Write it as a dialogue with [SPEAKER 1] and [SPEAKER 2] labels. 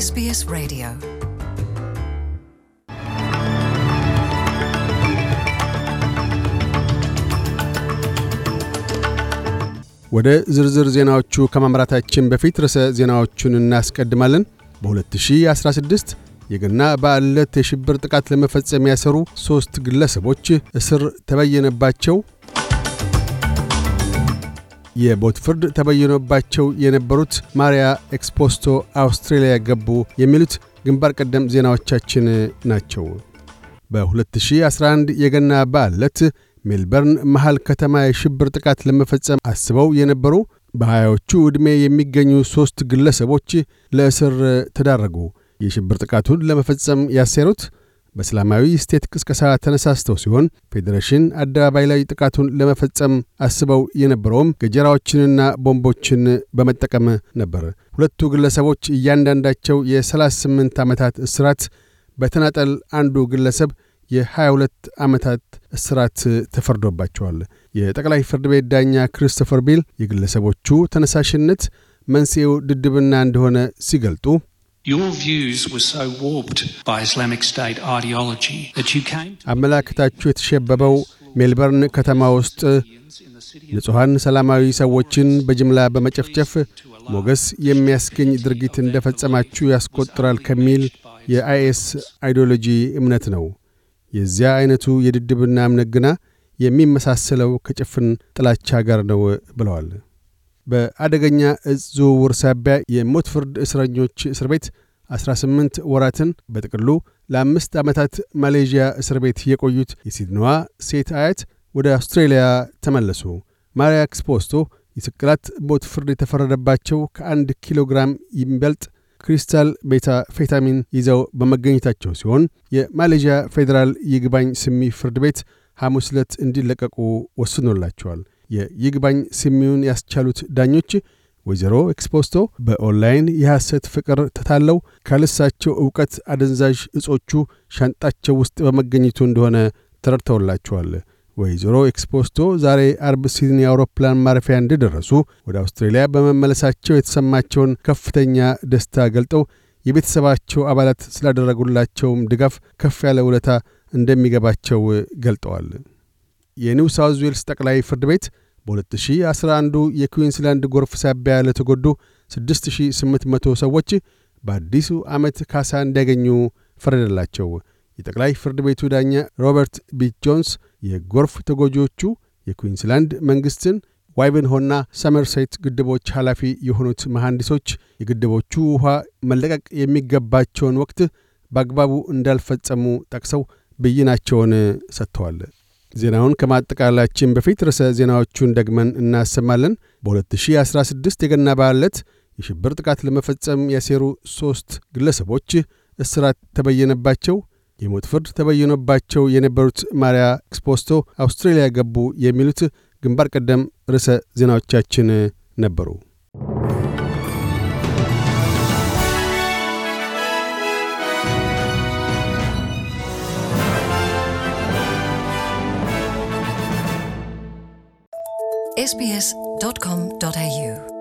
[SPEAKER 1] SBS Radio ወደ ዝርዝር ዜናዎቹ ከማምራታችን በፊት ርዕሰ ዜናዎቹን እናስቀድማለን። በ2016 የገና በዓል ዕለት የሽብር ጥቃት ለመፈጸም ያሰሩ ሦስት ግለሰቦች እስር ተበየነባቸው። የቦትፍርድ ተበይኖባቸው የነበሩት ማሪያ ኤክስፖስቶ አውስትሬልያ ገቡ የሚሉት ግንባር ቀደም ዜናዎቻችን ናቸው። በ2011 የገና በዓል ዕለት ሜልበርን መሃል ከተማ የሽብር ጥቃት ለመፈጸም አስበው የነበሩ በሀያዎቹ ዕድሜ የሚገኙ ሦስት ግለሰቦች ለእስር ተዳረጉ። የሽብር ጥቃቱን ለመፈጸም ያሴሩት በእስላማዊ ስቴት ቅስቀሳ ተነሳስተው ሲሆን ፌዴሬሽን አደባባይ ላይ ጥቃቱን ለመፈጸም አስበው የነበረውም ገጀራዎችንና ቦምቦችን በመጠቀም ነበር። ሁለቱ ግለሰቦች እያንዳንዳቸው የ38 ዓመታት እስራት፣ በተናጠል አንዱ ግለሰብ የ22 ዓመታት እስራት ተፈርዶባቸዋል። የጠቅላይ ፍርድ ቤት ዳኛ ክሪስቶፈር ቢል የግለሰቦቹ ተነሳሽነት መንስኤው ድድብና እንደሆነ ሲገልጡ አመላክታችሁ የተሸበበው ሜልበርን ከተማ ውስጥ ንጹሐን ሰላማዊ ሰዎችን በጅምላ በመጨፍጨፍ ሞገስ የሚያስገኝ ድርጊት እንደፈጸማችሁ ያስቆጥራል ከሚል የአይኤስ አይዲዮሎጂ እምነት ነው። የዚያ ዐይነቱ የድድብና እምነት ግና የሚመሳሰለው ከጭፍን ጥላቻ ጋር ነው ብለዋል። በአደገኛ እጽ ዝውውር ሳቢያ የሞት ፍርድ እስረኞች እስር ቤት 18 ወራትን በጥቅሉ ለአምስት ዓመታት ማሌዥያ እስር ቤት የቆዩት የሲድኒዋ ሴት አያት ወደ አውስትሬልያ ተመለሱ። ማሪያ ኤክስፖስቶ የስቅላት ሞት ፍርድ የተፈረደባቸው ከአንድ ኪሎ ግራም የሚበልጥ ክሪስታል ቤታ ፌታሚን ይዘው በመገኘታቸው ሲሆን የማሌዥያ ፌዴራል ይግባኝ ስሚ ፍርድ ቤት ሐሙስ ዕለት እንዲለቀቁ ወስኖላቸዋል። የይግባኝ ሲሚውን ያስቻሉት ዳኞች ወይዘሮ ኤክስፖስቶ በኦንላይን የሐሰት ፍቅር ተታለው ካልሳቸው ዕውቀት አደንዛዥ እጾቹ ሻንጣቸው ውስጥ በመገኘቱ እንደሆነ ተረድተውላቸዋል። ወይዘሮ ኤክስፖስቶ ዛሬ አርብ ሲድኒ አውሮፕላን ማረፊያ እንደደረሱ ወደ አውስትሬልያ በመመለሳቸው የተሰማቸውን ከፍተኛ ደስታ ገልጠው የቤተሰባቸው አባላት ስላደረጉላቸውም ድጋፍ ከፍ ያለ ውለታ እንደሚገባቸው ገልጠዋል። የኒው ሳውዝ ዌልስ ጠቅላይ ፍርድ ቤት በ2011 የኩዊንስላንድ ጎርፍ ሳቢያ ለተጎዱ 6800 ሰዎች በአዲሱ ዓመት ካሳ እንዲያገኙ ፈረደላቸው። የጠቅላይ ፍርድ ቤቱ ዳኛ ሮበርት ቢት ጆንስ የጎርፍ ተጎጂዎቹ የኩዊንስላንድ መንግሥትን ዋይቨንሆና ሰመርሴት ግድቦች ኃላፊ የሆኑት መሐንዲሶች የግድቦቹ ውኃ መለቀቅ የሚገባቸውን ወቅት በአግባቡ እንዳልፈጸሙ ጠቅሰው ብይናቸውን ሰጥተዋል። ዜናውን ከማጠቃላችን በፊት ርዕሰ ዜናዎቹን ደግመን እናሰማለን። በ2016 የገና በዓል ዕለት የሽብር ጥቃት ለመፈጸም ያሴሩ ሦስት ግለሰቦች እስራት ተበየነባቸው። የሞት ፍርድ ተበየኖባቸው የነበሩት ማሪያ ኤክስፖስቶ አውስትራሊያ ገቡ። የሚሉት ግንባር ቀደም ርዕሰ ዜናዎቻችን ነበሩ። sbs.com.au